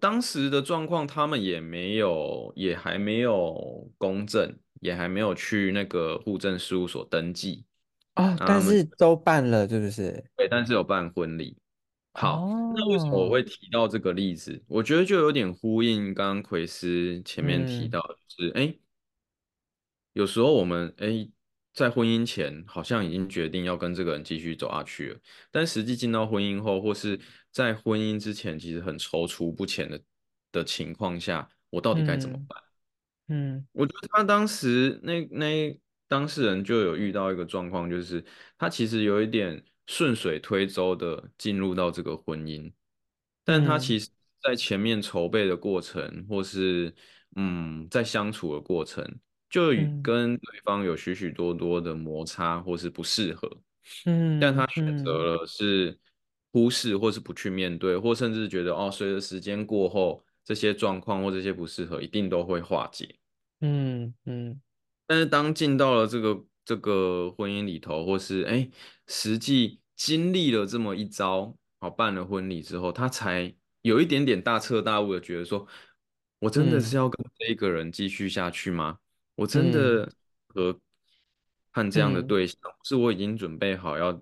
當時的狀況，他們也沒有，也還沒有公證，也還沒有去那個戶政事務所登記、哦、啊。但是都辦了，是不是？對，但是有辦婚禮。好，哦、那為什麼我會提到這個例子？我覺得就有點呼應剛剛奎斯前面提到，就是哎、嗯欸，有時候我們哎。欸在婚姻前好像已經決定要跟這個人繼續走下去了，但實際進到婚姻後，或是在婚姻之前其實很躊躇不前的的情況下，我到底該怎麼辦？嗯，嗯我覺得他當時那那當事人就有遇到一個狀況，就是他其實有一點順水推舟的進入到這個婚姻，但他其實在前面籌備的過程，嗯、或是嗯在相處的過程。就跟對方有許許多多的摩擦，或是不適合，嗯，但他選擇了是忽視或是不去面對，或甚至覺得哦，隨着時間過後，這些狀況或這些不適合一定都會化解，嗯嗯。但是當進到了這個這個婚姻裡頭，或是哎、欸，實際經歷了這麼一遭好辦了婚禮之後，他才有一點點大徹大悟的覺得說，我真的是要跟這個人繼續下去嗎？我真的和和這樣的對象，是我已經準備好要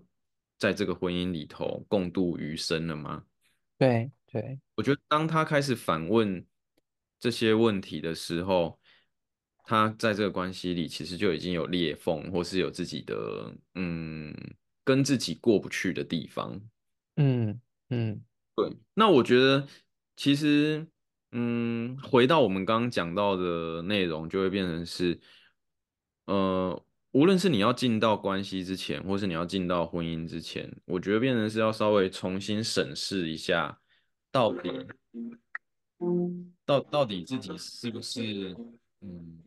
在這個婚姻裡頭共度餘生了嗎？對對，對我覺得當他開始反問這些問題的時候，他在這個關係裡其實就已經有裂縫，或是有自己的嗯，跟自己過不去的地方。嗯嗯，嗯對。那我覺得其實。嗯，回到我們剛剛講到的內容，就會變成是，呃，無論是你要進到關係之前，或是你要進到婚姻之前，我覺得變成是要稍微重新審視一下，到底，到到底自己是不是，嗯，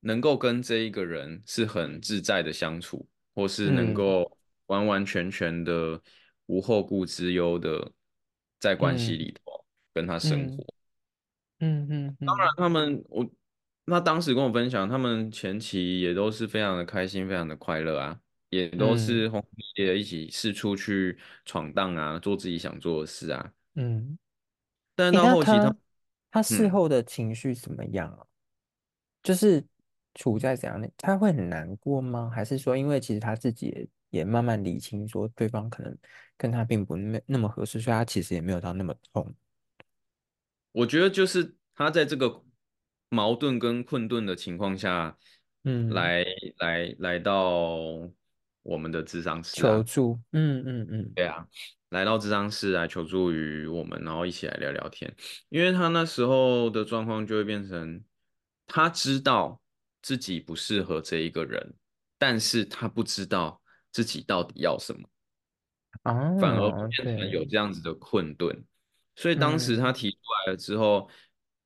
能夠跟這一個人是很自在的相處，或是能夠完完全全的、嗯、無後顧之憂的在關係裡頭。嗯跟他生活，嗯嗯，嗯嗯嗯，當然他們我，那當時跟我分享，他們前期也都是非常的開心，非常的快樂啊，也都是紅也一起四處去闖蕩啊，做自己想做的事啊，嗯。但到後期他、欸、他，他事後的情緒怎麼樣啊？嗯，就是處在怎樣的？他會很難過嗎？還是說因為其實他自己也，也慢慢理清，說對方可能跟他並不那麼合適，所以他其實也沒有到那麼痛。我覺得就是他在這個矛盾跟困頓的情況下，嗯，來來來到我們的諮商室、啊、求助，嗯嗯嗯，嗯對啊，來到諮商室來、啊、求助於我們，然後一起來聊聊天，因為他那時候的狀況就會變成，他知道自己不適合這一個人，但是他不知道自己到底要什麼啊，反而變成有這樣子的困頓。啊 okay 所以當時他提出來了之後，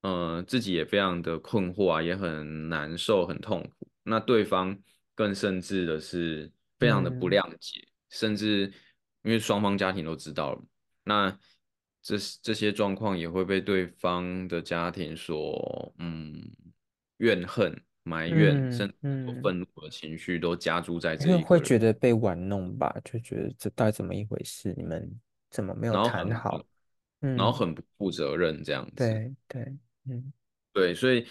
嗯、呃，自己也非常的困惑啊，也很難受，很痛苦。那對方更甚至的是非常的不諒解，嗯、甚至因為雙方家庭都知道了，那這這些狀況也會被對方的家庭所嗯怨恨、埋怨，嗯嗯、甚至憤怒的情緒都加注在這裡。因為會覺得被玩弄吧，就覺得這到底怎麼一回事？你們怎麼沒有談好？然後很不負責任這樣子，嗯，對對，嗯、對，所以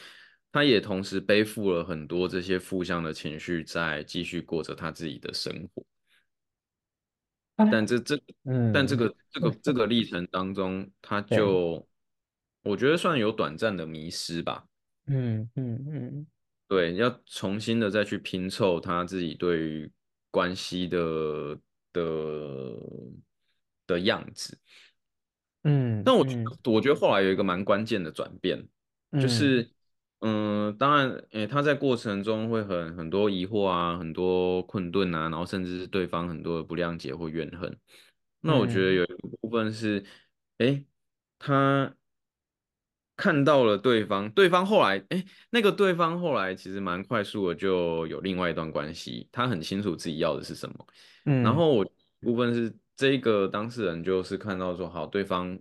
他也同時背負了很多這些負向的情緒，在繼續過着他自己的生活但。但這這個、但、嗯、這個這個這個歷程當中，他就我覺得算有短暫的迷失吧，嗯，嗯嗯嗯，嗯對，要重新的再去拼湊他自己對於關係的的的樣子。但嗯，那我覺我覺得後來有一個蠻關鍵的轉變，就是，嗯，嗯，當然，誒、欸，他在過程中會很很多疑惑啊，很多困頓啊，然後甚至是對方很多的不諒解或怨恨。那我覺得有一部分是，哎、嗯欸，他看到了對方，對方後來，哎、欸，那個對方後來其實蠻快速的就有另外一段關係，他很清楚自己要的是什麼。嗯，然後我覺得一部分是。這個當事人就是看到說，好，對方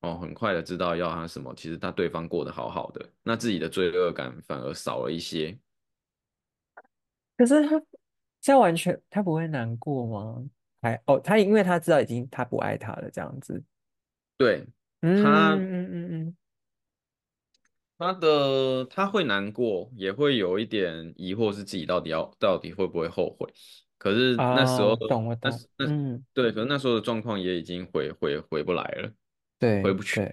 哦，很快的知道要他什麼，其實他對方過得好好的，那自己的罪惡感反而少了一些。可是他，現在完全他不會難過嗎？還、哎、哦，他因為他知道已經他不愛他了這樣子，對他，嗯嗯嗯嗯，他的他會難過，也會有一點疑惑，是自己到底要到底會不會後悔。可是那時候，但是、oh, 那時，嗯，對，可能那時候的狀況也已經回回回不來了，對，回不去了，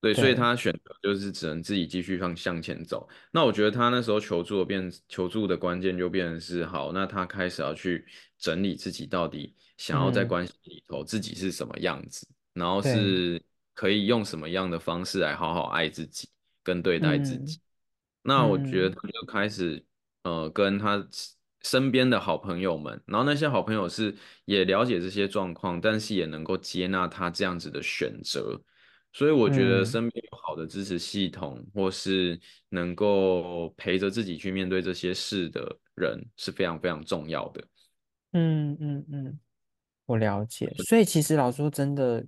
對，對所以他選擇就是只能自己繼續向向前走。對。那我覺得他那時候求助的變求助的關鍵就變成是，好，那他開始要去整理自己到底想要在關係裡頭自己是什麼樣子，嗯、然後是可以用什麼樣的方式來好好愛自己跟對待自己。嗯、那我覺得他就開始，嗯、呃，跟他。身邊的好朋友們，然後那些好朋友是也了解這些狀況，但是也能夠接納他這樣子的選擇，所以我覺得身邊有好的支持系統，嗯、或是能夠陪着自己去面對這些事的人，是非常非常重要的。嗯嗯嗯，我了解。所以其實老實說，真的，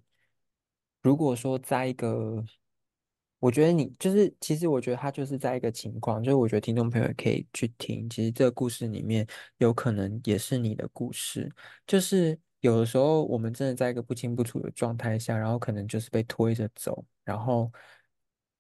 如果說在一個我覺得你就是，其實我覺得他就是在一個情況，就是我覺得聽眾朋友可以去聽，其實這個故事裡面有可能也是你的故事，就是有的時候我們真的在一個不清不楚的狀態下，然後可能就是被推着走，然後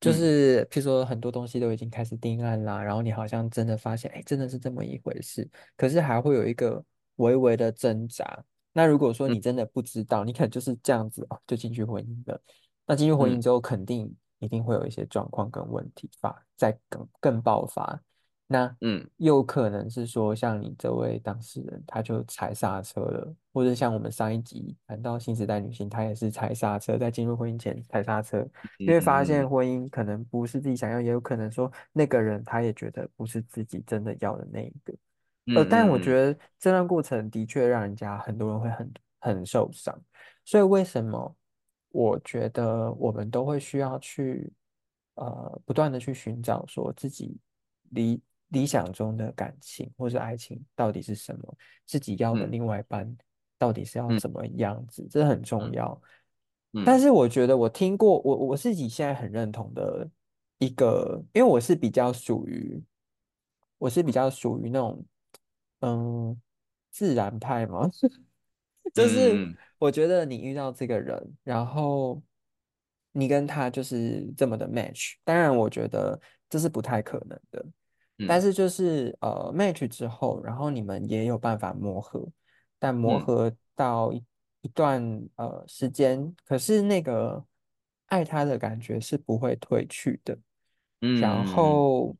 就是、嗯、譬如說很多東西都已經開始定案啦，然後你好像真的發現，哎，真的是這麼一回事，可是還會有一個微微的掙扎。那如果說你真的不知道，嗯、你可能就是這樣子啊、哦，就進去婚姻了。那進去婚姻之後，肯定、嗯。一定會有一些狀況跟問題發再更更爆發，那嗯，有可能是說像你這位當事人，他就踩剎車了，或者像我們上一集談到新時代女性，她也是踩剎車，在進入婚姻前踩剎車，因為發現婚姻可能不是自己想要，嗯、也有可能說那個人他也覺得不是自己真的要的那一個，呃、嗯，但我覺得這段過程的確讓人家很多人會很很受傷，所以為什麼？我覺得我們都會需要去，呃，不斷的去尋找說自己理理想中的感情或是愛情到底是什麼，自己要的另外一半到底是要怎麼樣子，這很重要。但是我覺得我聽過，我我自己現在很認同的一個，因為我是比較屬於，我是比較屬於那種，嗯，自然派嘛。 就是我覺得你遇到這個人，嗯、然後你跟他就是這麼的 match。當然，我覺得這是不太可能的。嗯、但是就是呃 match 之後，然後你們也有辦法磨合，但磨合到一、嗯、一段呃時間，可是那個愛他的感覺是不會褪去的。嗯，然後。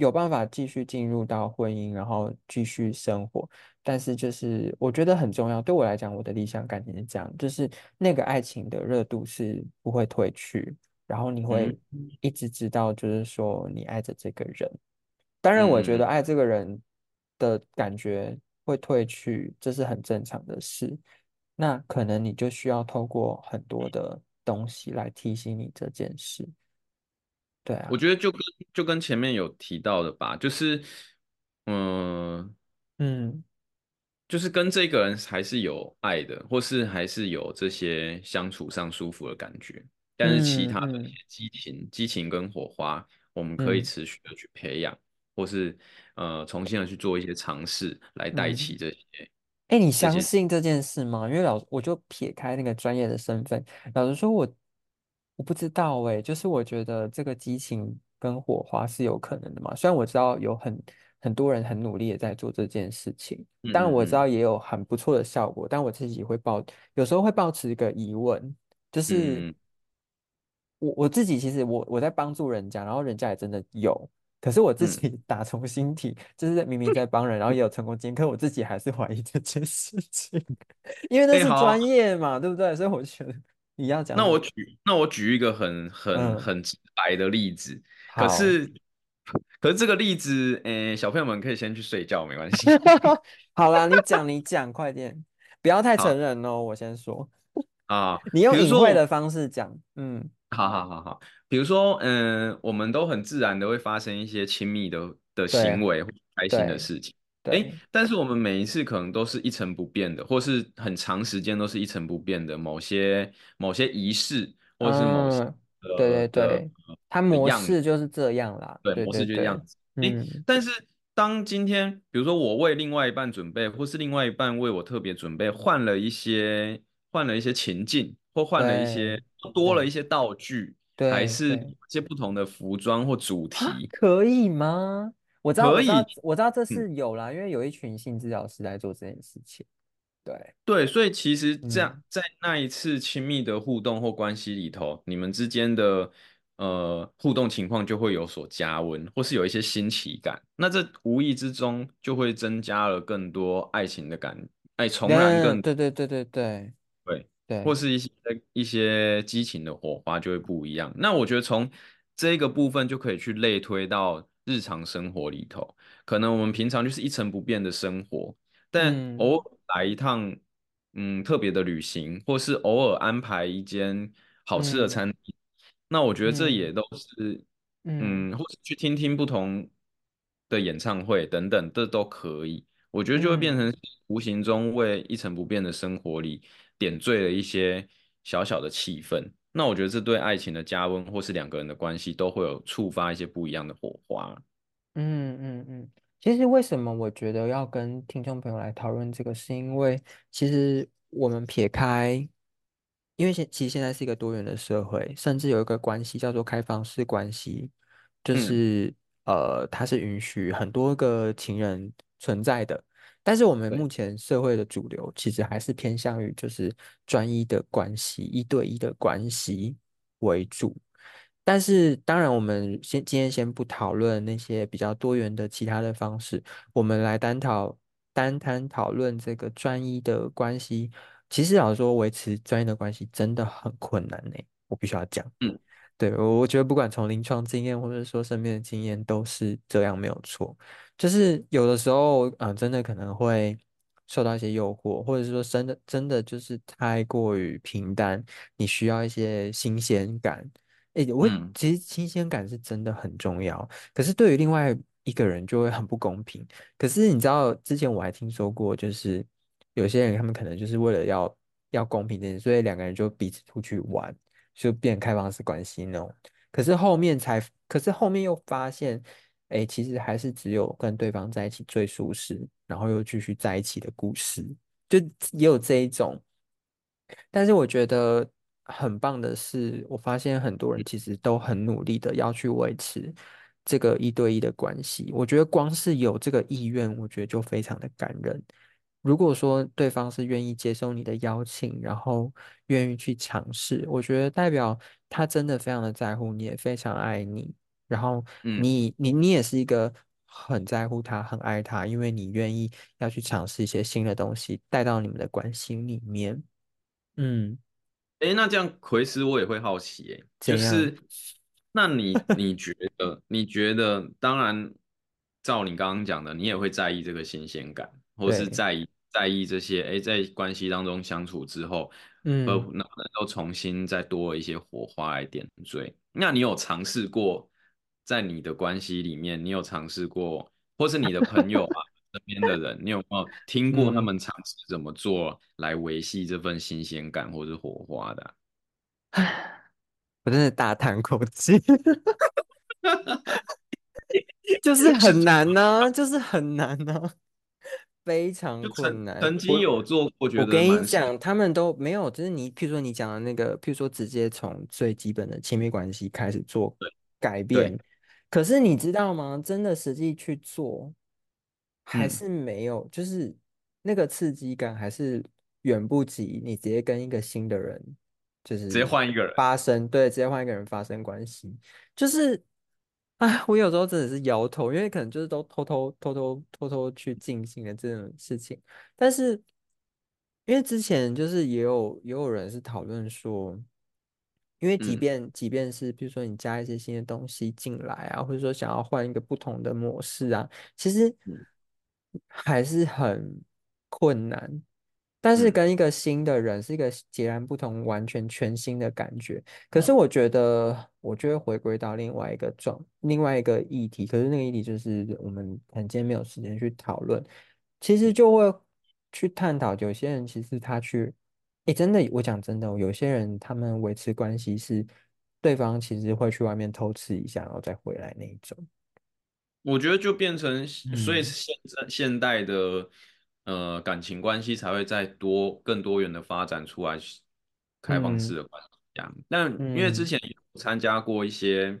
有辦法繼續進入到婚姻，然後繼續生活。但是就是我覺得很重要，對我來講，我的理想感情是這樣，就是那個愛情的熱度是不會退去，然後你會一直知道，就是說你愛着這個人。當然，我覺得愛這個人的感覺會退去，這是很正常的事。那可能你就需要透過很多的東西來提醒你這件事。我覺得就跟就跟前面有提到的吧，就是嗯、呃、嗯，就是跟這個人還是有愛的，或是還是有這些相處上舒服的感覺。但是其他的一些激情、激、嗯嗯、情跟火花，我們可以持續的去培養，嗯、或是呃重新的去做一些嘗試來代替這些。哎、嗯欸，你相信這件事嗎？因為老我就撇開那個專業的身份，老實說，我。我不知道誒、欸，就是我覺得這個激情跟火花是有可能的嘛。雖然我知道有很很多人很努力的在做這件事情，嗯、但我知道也有很不錯的效果，但我自己會抱有時候會抱持一個疑問，就是、嗯、我我自己其實我我在幫助人家，然後人家也真的有，可是我自己打從心底，嗯、就是在明明在幫人， 然後也有成功經驗，可我自己還是懷疑這件事情， 因為那是專業嘛，對，好對不對？所以我覺得。你要講，那我舉，那我舉一個很很很直白的例子，嗯、可是，好可是這個例子，嗯、欸，小朋友們可以先去睡覺，沒關係。 好了，你講你講， 快點，不要太成人哦，好我先說啊，好好你用隱晦的方式講，嗯，好好好好，比如說，嗯，我們都很自然的會發生一些親密的的行為對或開心的事情。哎對，但是我們每一次可能都是一成不變的，或是很長時間都是一成不變的某些某些儀式，或是某些、嗯、對對對，他們、呃、模式就是這樣啦，呃、對，對，對模式就這樣子。但是當今天，比如說我為另外一半準備，或是另外一半為我特別準備，換了一些換了一些情境，或換了一些對多了一些道具，對對還是一些不同的服裝或主題，啊、可以嗎？我知道，可以，我知道，我知道這是有啦，嗯、因為有一群性治療師在做這件事情。對，對，所以其實這樣，嗯、在那一次親密的互動或關係裡頭，你們之間的呃互動情況就會有所加溫，或是有一些新奇感。那這無意之中就會增加了更多愛情的感，愛重燃更多、嗯、對，對，對，對，對，對，對，對，對，對，對，或是一些一些激情的火花就會不一樣。那我覺得從這個部分就可以去類推到。日常生活裡頭，可能我們平常就是一成不變的生活，但偶爾來一趟，嗯，嗯，特別的旅行，或是偶爾安排一間好吃的餐廳，嗯、那我覺得這也都是，嗯，嗯，或者去聽聽不同的演唱會等等，這都可以，我覺得就會變成無形中為一成不變的生活裡點綴了一些小小的氣氛。那我覺得這對愛情的加溫，或是兩個人的關係，都會有觸發一些不一樣的火花。嗯嗯嗯，其實為什麼我覺得要跟聽眾朋友來討論這個，是因為其實我們撇開，因為現其實現在是一個多元的社會，甚至有一個關係叫做開放式關係，就是、嗯、呃，它是允許很多個情人存在的。但是我們目前社會的主流其實還是偏向於就是專一的關係，對一對一的關係為主。但是當然，我們先今天先不討論那些比較多元的其他的方式，我們來單討單談討論這個專一的關係。其實老實說，維持專一的關係真的很困難誒、欸，我必須要講。嗯，對我我覺得不管從臨床經驗，或者說身邊的經驗，都是這樣沒有錯。就是有的時候，嗯、呃，真的可能會受到一些誘惑，或者是說，真的真的就是太過於平淡，你需要一些新鮮感。誒，我其實新鮮感是真的很重要，可是對於另外一個人就會很不公平。可是你知道，之前我還聽說過，就是有些人他們可能就是為了要要公平點，所以兩個人就彼此出去玩，就變成開放式關係那種。可是後面才，可是後面又發現。誒、欸，其實還是只有跟對方在一起最舒適，然後又繼續在一起的故事，就也有這一種。但是我覺得很棒的是，我發現很多人其實都很努力的要去維持這個一對一的關係。我覺得光是有這個意願，我覺得就非常的感人。如果說對方是願意接受你的邀請，然後願意去嘗試，我覺得代表他真的非常的在乎你，也非常愛你。然後你、嗯、你你也是一個很在乎他、很愛他，因為你願意要去嘗試一些新的東西帶到你們的關係裡面。嗯，哎，那這樣奎斯，我也會好奇、欸，哎怎樣，就是那你你覺得你覺得， 覺得當然照你剛剛講的，你也會在意這個新鮮感，或是在意對在意這些，哎，在關係當中相處之後，嗯，能不能夠重新再多一些火花來點綴？那你有嘗試過？在你的關係裡面，你有嘗試過，或是你的朋友啊，身邊 的人，你有沒有聽過他們嘗試怎麼做來維繫這份新鮮感，或是火花的、啊？ 我真的大嘆口氣、 啊，就是很難呢，就是很難呢，非常困難。曾、曾經有做過，我,我,的我跟你講，他們都沒有，就是你，譬如說你講的那個，譬如說直接從最基本的親密關係開始做改變。可是你知道嗎？真的實際去做，還是沒有，嗯、就是那個刺激感還是遠不及你直接跟一個新的人，就是直接換一個人發生，對，直接換一個人發生關係，就是，啊，我有時候真的是搖頭，因為可能就是都偷偷偷偷偷偷，偷偷去進行的這種事情，但是因為之前就是也有也有人是討論說。因為即便即便是比如說你加一些新的東西進來啊，或者說想要換一個不同的模式啊，其實還是很困難。但是跟一個新的人是一個截然不同、完全全新的感覺。可是我覺得，我覺得回歸到另外一個狀，另外一個議題。可是那個議題就是我們很今天沒有時間去討論。其實就會去探討，有些人其實他去。哎，真的，我講真的，有些人他們維持關係是對方其實會去外面偷吃一下，然後再回來那一種。我覺得就變成，所以現在現代的、嗯、呃感情關係才會再多更多元的發展出來開放式的關係、嗯、這樣。那因為之前有參加過一些。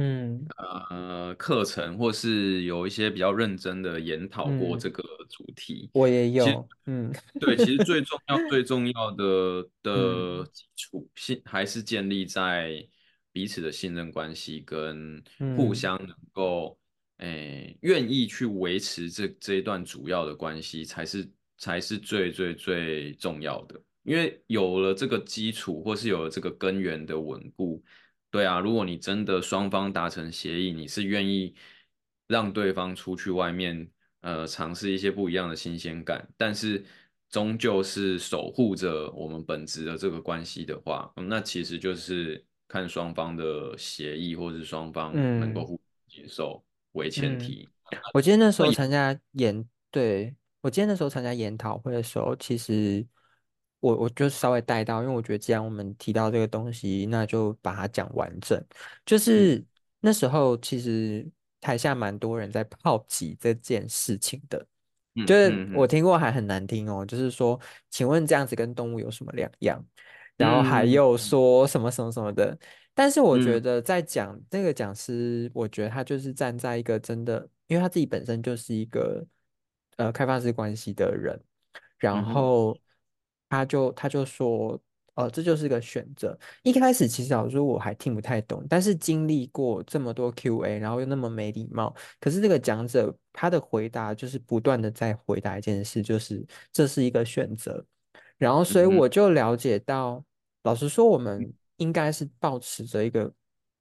嗯，呃，課程或是有一些比較認真的研討過這個主題，嗯、我也有。實嗯，對， 其實最重要、最重要的的基礎信還是建立在彼此的信任關係跟互相能夠誒、嗯哎、願意去維持這這一段主要的關係，才是才是最最最重要的。因為有了這個基礎，或是有了這個根源的穩固。對啊，如果你真的雙方達成協議，你是願意讓對方出去外面，呃，嘗試一些不一樣的新鮮感，但是終究是守護着我們本職的這個關係的話，嗯，那其實就是看雙方的協議，或是雙方能夠接受為前提。嗯嗯，我今天那時候參加研，對，我今天那時候參加研討會的時候，其實。我我就稍微帶到，因為我覺得既然我們提到這個東西，那就把它講完整。就是、嗯、那時候其實台下蠻多人在好奇這件事情的，就是我聽過還很難聽哦，就是說，請問這樣子跟動物有什麼兩樣？嗯、然後還有說什麼什麼什麼的。但是我覺得在講這、嗯、個講師，我覺得他就是站在一個真的，因為他自己本身就是一個呃開放式關係的人，然後。嗯他就他就說，呃、哦，這就是個選擇。一開始其實老實說我還聽不太懂，但是經歷過這麼多 Q&A，然後又那麼沒禮貌，可是這個講者他的回答就是不斷的在回答一件事，就是這是一個選擇。然後所以我就了解到，嗯嗯老實說，我們應該是保持着一個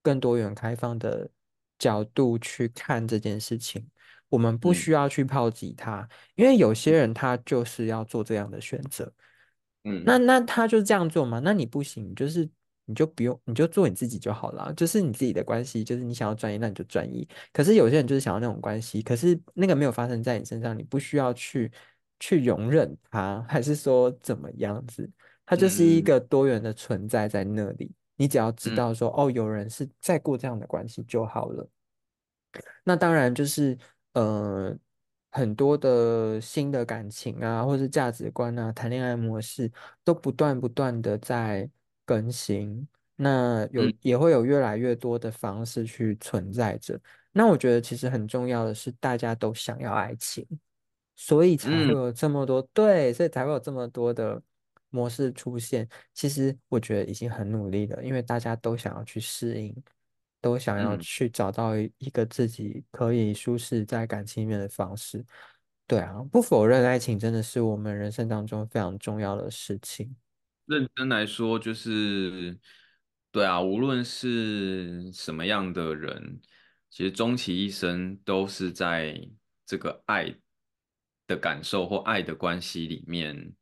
更多元開放的角度去看這件事情。我們不需要去炮擊他，因為有些人他就是要做這樣的選擇。那那他就這樣做嗎？那你不行，就是你就不用，你就做你自己就好了，啊。就是你自己的關係，就是你想要專一，那你就專一。可是有些人就是想要那種關係，可是那個沒有發生在你身上，你不需要去去容忍他，還是說怎麼樣子？它就是一個多元的存在在那裡，嗯、你只要知道說，嗯、哦，有人是在過這樣的關係就好了。那當然就是，呃。很多的新的感情啊，或是價值觀啊，談戀愛模式都不斷不斷的在更新。那有、嗯、也會有越來越多的方式去存在着。那我覺得其實很重要的是，大家都想要愛情，所以才會有這麼多、嗯、對，所以才會有這麼多的模式出現。其實我覺得已經很努力了，因為大家都想要去適應。都想要去找到一個自己可以舒適在感情裡面的方式，嗯、對啊，不否認愛情真的是我們人生當中非常重要的事情。認真來說，就是對啊，無論是什麼樣的人，其實終其一生都是在這個愛的感受或愛的關係裡面，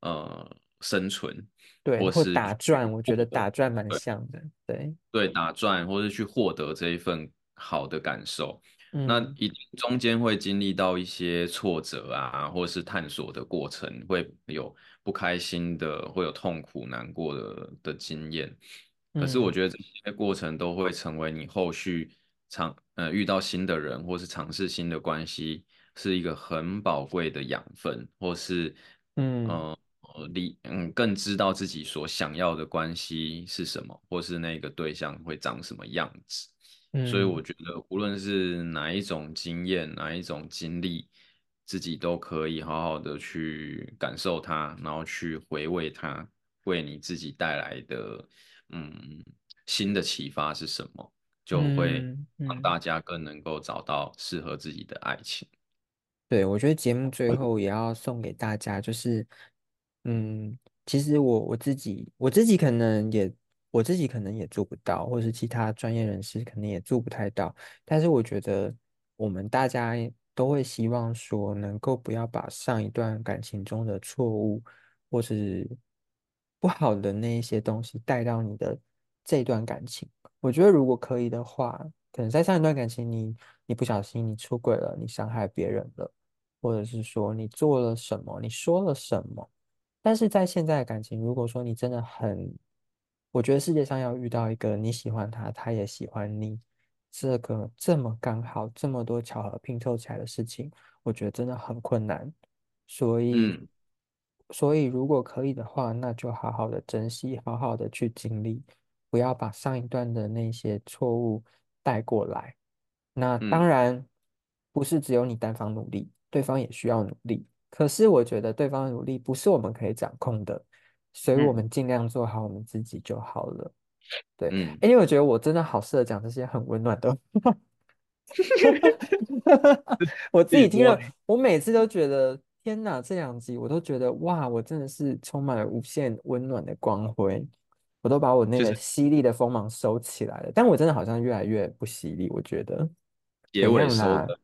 呃，生存。對，或是或打轉，我覺得打轉蠻像的，對對，對，打轉或是去獲得這一份好的感受，嗯、那一中間會經歷到一些挫折啊，或是探索的過程，會有不開心的，會有痛苦、難過的的經驗。可是我覺得這些過程都會成為你後續嘗，呃，遇到新的人，或是嘗試新的關係，是一個很寶貴的養分，或是嗯。呃嗯，更知道自己所想要的關係是什麼，或是那個對象會長什麼樣子，嗯，所以我覺得無論是哪一種經驗，哪一種經歷，自己都可以好好的去感受它，然後去回味它，為你自己帶來的嗯新的啟發是什麼，就會讓大家更能夠找到適合自己的愛情。對，我覺得節目最後也要送給大家，就是。嗯，其實我我自己我自己可能也我自己可能也做不到，或是其他專業人士可能也做不太到。但是我覺得我們大家都會希望說，能夠不要把上一段感情中的錯誤或是不好的那一些東西帶到你的這段感情。我覺得如果可以的話，可能在上一段感情你，你你不小心你出軌了，你傷害別人了，或者是說你做了什麼，你說了什麼。但是在現在的感情，如果說你真的很，我覺得世界上要遇到一個你喜歡他，他也喜歡你，這個這麼剛好，這麼多巧合拼湊起來的事情，我覺得真的很困難。所以，嗯，所以如果可以的話，那就好好的珍惜，好好的去經歷，不要把上一段的那些錯誤帶過來。那當然不是只有你單方努力，對方也需要努力。可是我覺得對方的努力不是我們可以掌控的，所以我們盡量做好我們自己就好了。嗯、對，嗯、欸，因為我覺得我真的好適合講這些很溫暖的。 我自己聽了，我每次都覺得天哪，這兩集我都覺得哇，我真的是充滿了無限溫暖的光輝，我都把我那個犀利的鋒芒收起來了。就是、但我真的好像越來越不犀利，我覺得結尾收的，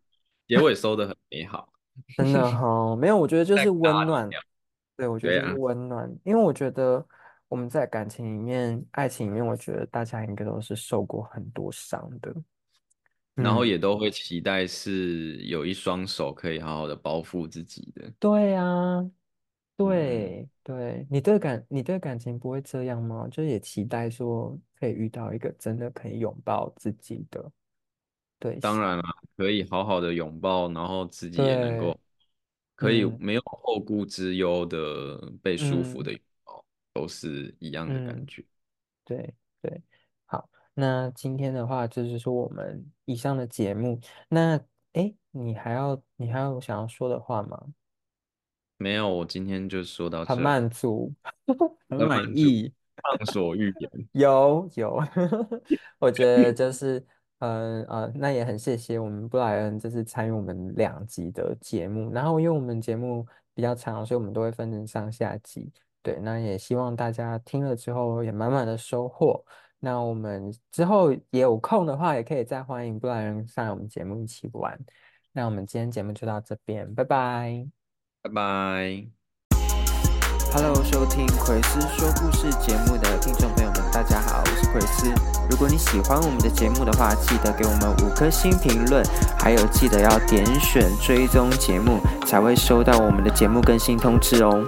結尾收得很美好。 真的哈，沒有，我覺得就是溫暖， 對，我覺得就是溫暖，啊、因為我覺得我們在感情裡面、愛情裡面，我覺得大家應該都是受過很多傷的，嗯、然後也都會期待是有一雙手可以好好的包覆自己的。好好的包覆自己的對啊，對、嗯、對，你對感你對感情不會這樣嗎？就也期待說可以遇到一個真的可以擁抱自己的。對當然了、啊，可以好好的擁抱，然後自己也能夠對可以沒有後顧之憂的被舒服的擁抱，嗯、都是一樣的感覺。嗯、對對，好，那今天的話，就是我們以上的節目。那哎、欸，你還要你還有想要說的話嗎？沒有，我今天就說到這，很滿足，很滿意，暢所欲言。有 有，有 我覺得就是。嗯呃，呃，那也很謝謝我們布萊恩這次參與我們兩集的節目。然後，因為我們節目比較長，所以我們都會分成上下集。對，那也希望大家聽了之後也滿滿的收穫。那我們之後也有空的話，也可以再歡迎布萊恩上來我們節目一起玩。那我們今天節目就到這邊，拜拜，拜拜。Hello，收聽奎斯說故事節目的聽眾朋友們，大家好，我是奎斯。如果你喜歡我們的節目的話，記得給我們五顆星評論，還有記得要點選追蹤節目，才會收到我們的節目更新通知哦。